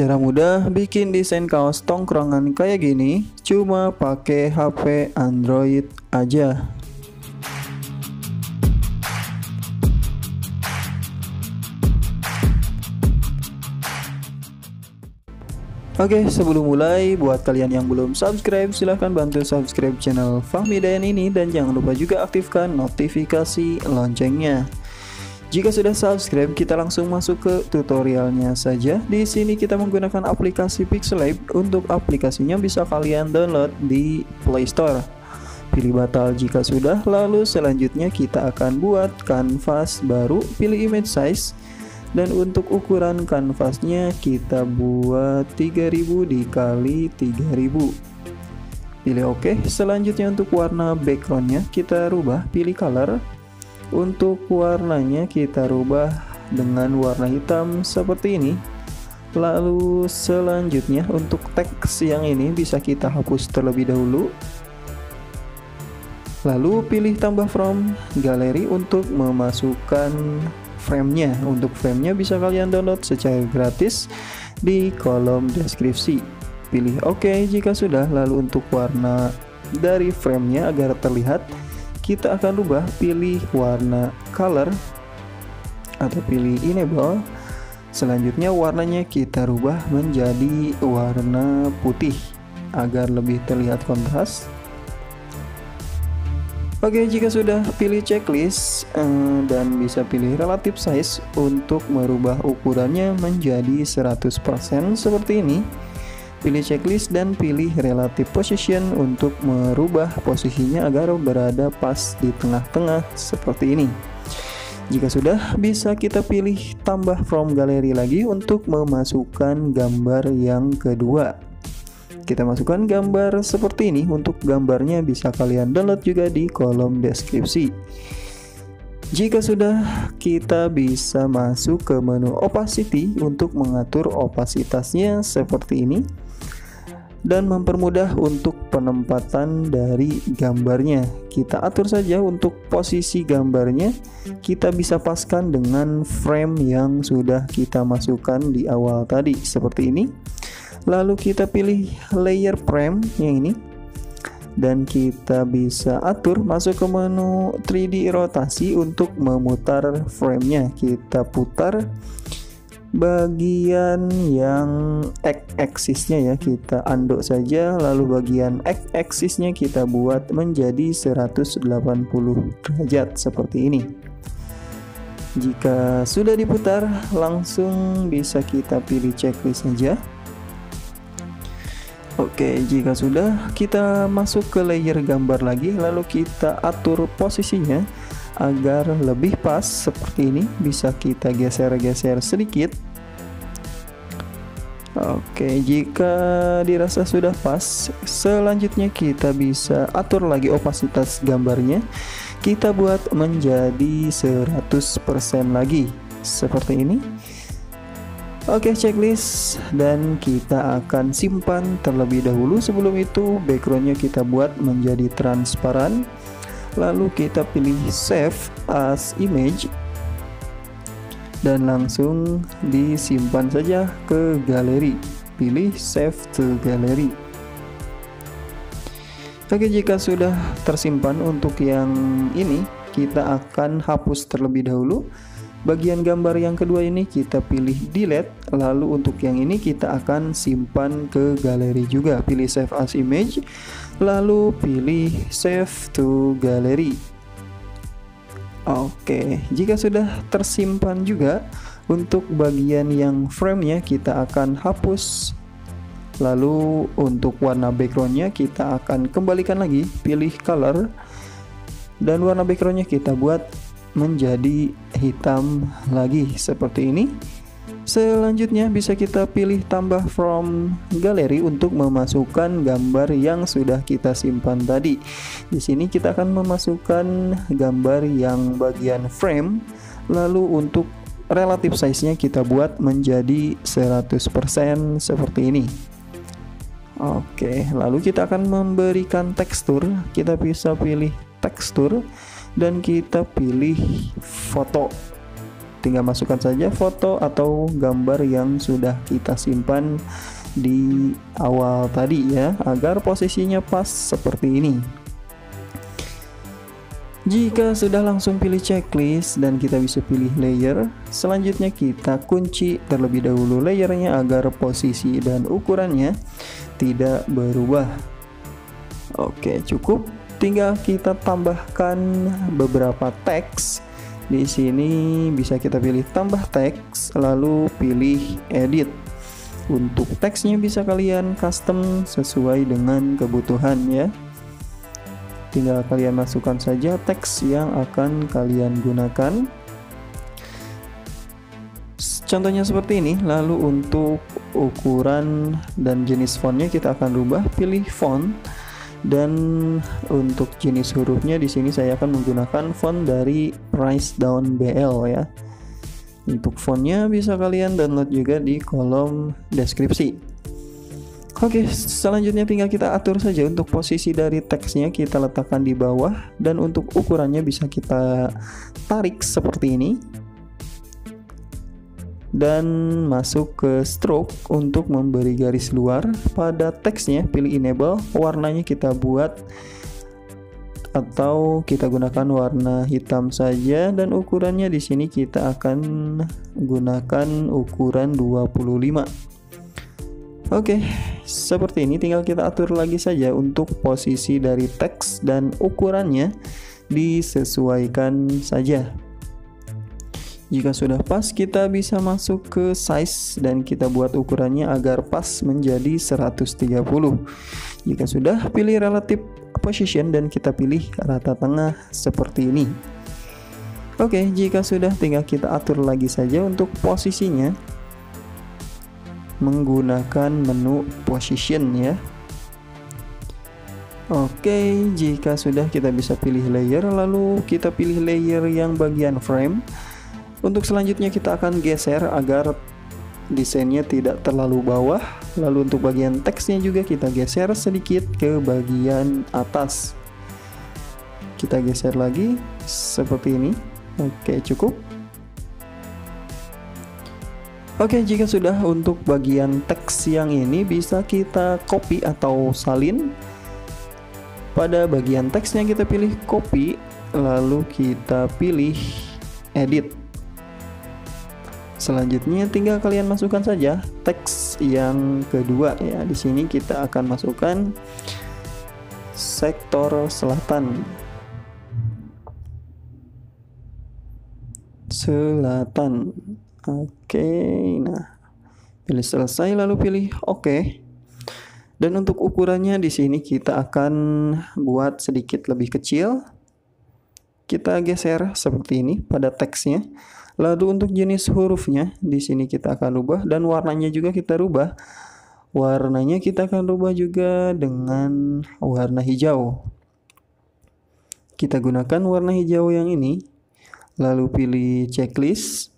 Cara mudah bikin desain kaos tongkrongan kayak gini cuma pakai HP Android aja. Oke, sebelum mulai, buat kalian yang belum subscribe, silahkan bantu subscribe channel Fahmi Dayan ini dan jangan lupa juga aktifkan notifikasi loncengnya. Jika sudah subscribe, kita langsung masuk ke tutorialnya saja. Di sini kita menggunakan aplikasi Pixelab. Untuk aplikasinya bisa kalian download di Play Store. Pilih batal jika sudah, lalu selanjutnya kita akan buat kanvas baru, pilih image size. Dan untuk ukuran kanvasnya kita buat 3000 dikali 3000. Pilih oke, OK. selanjutnya untuk warna backgroundnya kita rubah, pilih color, untuk warnanya kita rubah dengan warna hitam seperti ini. Lalu selanjutnya untuk teks yang ini bisa kita hapus terlebih dahulu. Lalu pilih tambah from galeri untuk memasukkan framenya. Untuk framenya bisa kalian download secara gratis di kolom deskripsi. Pilih OK jika sudah, lalu untuk warna dari framenya agar terlihat kita akan rubah pilih warna color atau pilih enable selanjutnya warnanya kita rubah menjadi warna putih agar lebih terlihat kontras Oke, jika sudah pilih checklist eh, dan bisa pilih relative size untuk merubah ukurannya menjadi 100% seperti ini. Pilih checklist dan pilih relative position untuk merubah posisinya agar berada pas di tengah-tengah seperti ini. Jika sudah, bisa kita pilih tambah from gallery lagi untuk memasukkan gambar yang kedua. Kita masukkan gambar seperti ini untuk gambarnya bisa kalian download juga di kolom deskripsi. Jika sudah, kita bisa masuk ke menu opacity untuk mengatur opasitasnya seperti ini dan mempermudah untuk penempatan dari gambarnya. Kita atur saja untuk posisi gambarnya, kita bisa paskan dengan frame yang sudah kita masukkan di awal tadi seperti ini. Lalu kita pilih layer frame yang ini dan kita bisa atur masuk ke menu 3D rotasi untuk memutar framenya kita putar bagian yang x-axisnya ya kita andok saja lalu bagian x-axisnya kita buat menjadi 180 derajat seperti ini jika sudah diputar langsung bisa kita pilih checklist saja Oke, jika sudah, kita masuk ke layer gambar lagi, lalu kita atur posisinya agar lebih pas seperti ini. Bisa kita geser-geser sedikit. Oke, jika dirasa sudah pas, selanjutnya kita bisa atur lagi opasitas gambarnya. Kita buat menjadi 100% lagi, seperti ini. Oke, checklist dan kita akan simpan terlebih dahulu. Sebelum itu, backgroundnya kita buat menjadi transparan. Lalu kita pilih save as image dan langsung disimpan saja ke galeri. Pilih save to gallery. Oke, jika sudah tersimpan untuk yang ini, kita akan hapus terlebih dahulu Bagian gambar yang kedua ini kita pilih delete, lalu untuk yang ini kita akan simpan ke galeri juga. Pilih save as image, lalu pilih save to gallery. Oke, jika sudah tersimpan juga, untuk bagian yang frame nya kita akan hapus. Lalu untuk warna backgroundnya kita akan kembalikan lagi, pilih color. Dan warna backgroundnya kita buat menjadi hitam lagi seperti ini. Selanjutnya bisa kita pilih tambah from galeri untuk memasukkan gambar yang sudah kita simpan tadi. Di sini kita akan memasukkan gambar yang bagian frame lalu untuk relatif size-nya kita buat menjadi 100% seperti ini. Oke, lalu kita akan memberikan tekstur. Kita bisa pilih tekstur dan kita pilih foto tinggal masukkan saja foto atau gambar yang sudah kita simpan di awal tadi ya agar posisinya pas seperti ini jika sudah langsung pilih checklist dan kita bisa pilih layer, selanjutnya kita kunci terlebih dahulu layernya agar posisi dan ukurannya tidak berubah. Oke, cukup tinggal kita tambahkan beberapa teks di sini bisa kita pilih tambah teks lalu pilih edit untuk teksnya bisa kalian custom sesuai dengan kebutuhan ya tinggal kalian masukkan saja teks yang akan kalian gunakan contohnya seperti ini lalu untuk ukuran dan jenis fontnya kita akan rubah pilih font dan untuk jenis hurufnya di sini saya akan menggunakan font dari Price Down BL ya. Untuk fontnya bisa kalian download juga di kolom deskripsi. Oke, selanjutnya tinggal kita atur saja untuk posisi dari teksnya kita letakkan di bawah dan untuk ukurannya bisa kita tarik seperti ini dan masuk ke stroke untuk memberi garis luar pada teksnya pilih enable warnanya kita buat atau kita gunakan warna hitam saja dan ukurannya di sini kita akan gunakan ukuran 25 Oke, seperti ini tinggal kita atur lagi saja untuk posisi dari teks dan ukurannya disesuaikan saja. Jika sudah pas, kita bisa masuk ke size dan kita buat ukurannya agar pas menjadi 130. Jika sudah, pilih relative position dan kita pilih rata tengah seperti ini. Oke, jika sudah tinggal kita atur lagi saja untuk posisinya menggunakan menu position ya. Oke, jika sudah kita bisa pilih layer lalu kita pilih layer yang bagian frame untuk selanjutnya kita akan geser agar desainnya tidak terlalu bawah. Lalu untuk bagian teksnya juga kita geser sedikit ke bagian atas. Kita geser lagi seperti ini. Oke, cukup. Oke, jika sudah untuk bagian teks yang ini bisa kita copy atau salin. Pada bagian teksnya kita pilih copy, lalu kita pilih edit. Selanjutnya tinggal kalian masukkan saja teks yang kedua ya. Di sini kita akan masukkan sektor selatan. Selatan. Oke, nah pilih selesai lalu pilih oke. Dan untuk ukurannya di sini kita akan buat sedikit lebih kecil kita geser seperti ini pada teksnya. Lalu untuk jenis hurufnya di sini kita akan rubah dan warnanya juga kita rubah. Warnanya kita akan rubah juga dengan warna hijau. Kita gunakan warna hijau yang ini. Lalu pilih checklist.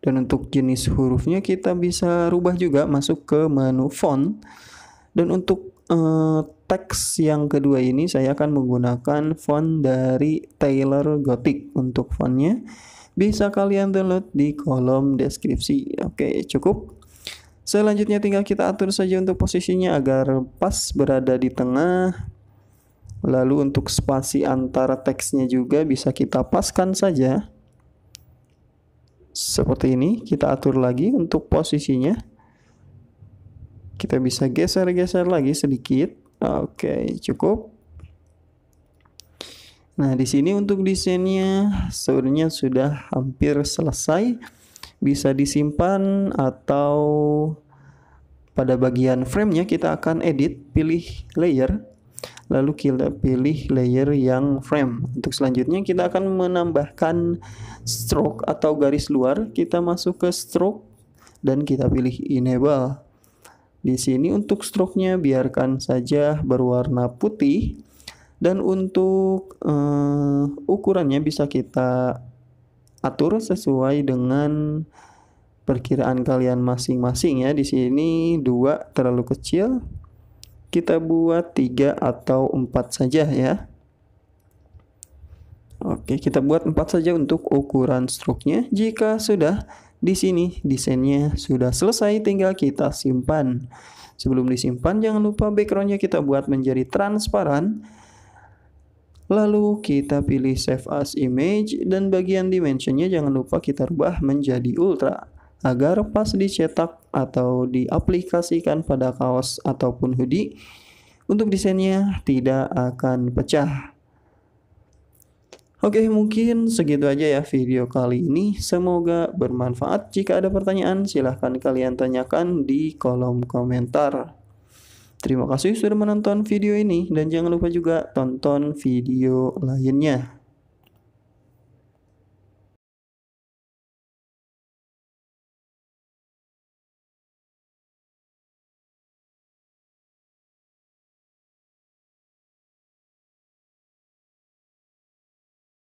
Dan untuk jenis hurufnya kita bisa rubah juga masuk ke menu font. Dan untuk uh, teks yang kedua ini saya akan menggunakan font dari Taylor Gothic untuk fontnya. Bisa kalian download di kolom deskripsi. Oke, cukup. Selanjutnya tinggal kita atur saja untuk posisinya agar pas berada di tengah. Lalu untuk spasi antara teksnya juga bisa kita paskan saja. Seperti ini, kita atur lagi untuk posisinya. Kita bisa geser-geser lagi sedikit. Oke, cukup. Nah, di sini untuk desainnya sebenarnya sudah hampir selesai. Bisa disimpan atau pada bagian framenya kita akan edit, pilih layer, lalu kita pilih layer yang frame. Untuk selanjutnya kita akan menambahkan stroke atau garis luar. Kita masuk ke stroke dan kita pilih enable. Di sini untuk stroke-nya biarkan saja berwarna putih dan untuk uh, ukurannya bisa kita atur sesuai dengan perkiraan kalian masing-masing ya. Di sini dua terlalu kecil. Kita buat tiga atau empat saja ya. Oke, kita buat 4 saja untuk ukuran struknya. Jika sudah di sini desainnya sudah selesai, tinggal kita simpan. Sebelum disimpan, jangan lupa backgroundnya kita buat menjadi transparan. Lalu kita pilih save as image dan bagian dimensionnya jangan lupa kita rubah menjadi ultra agar pas dicetak atau diaplikasikan pada kaos ataupun hoodie untuk desainnya tidak akan pecah. Oke, mungkin segitu aja ya video kali ini. Semoga bermanfaat. Jika ada pertanyaan, silahkan kalian tanyakan di kolom komentar. Terima kasih sudah menonton video ini, dan jangan lupa juga tonton video lainnya.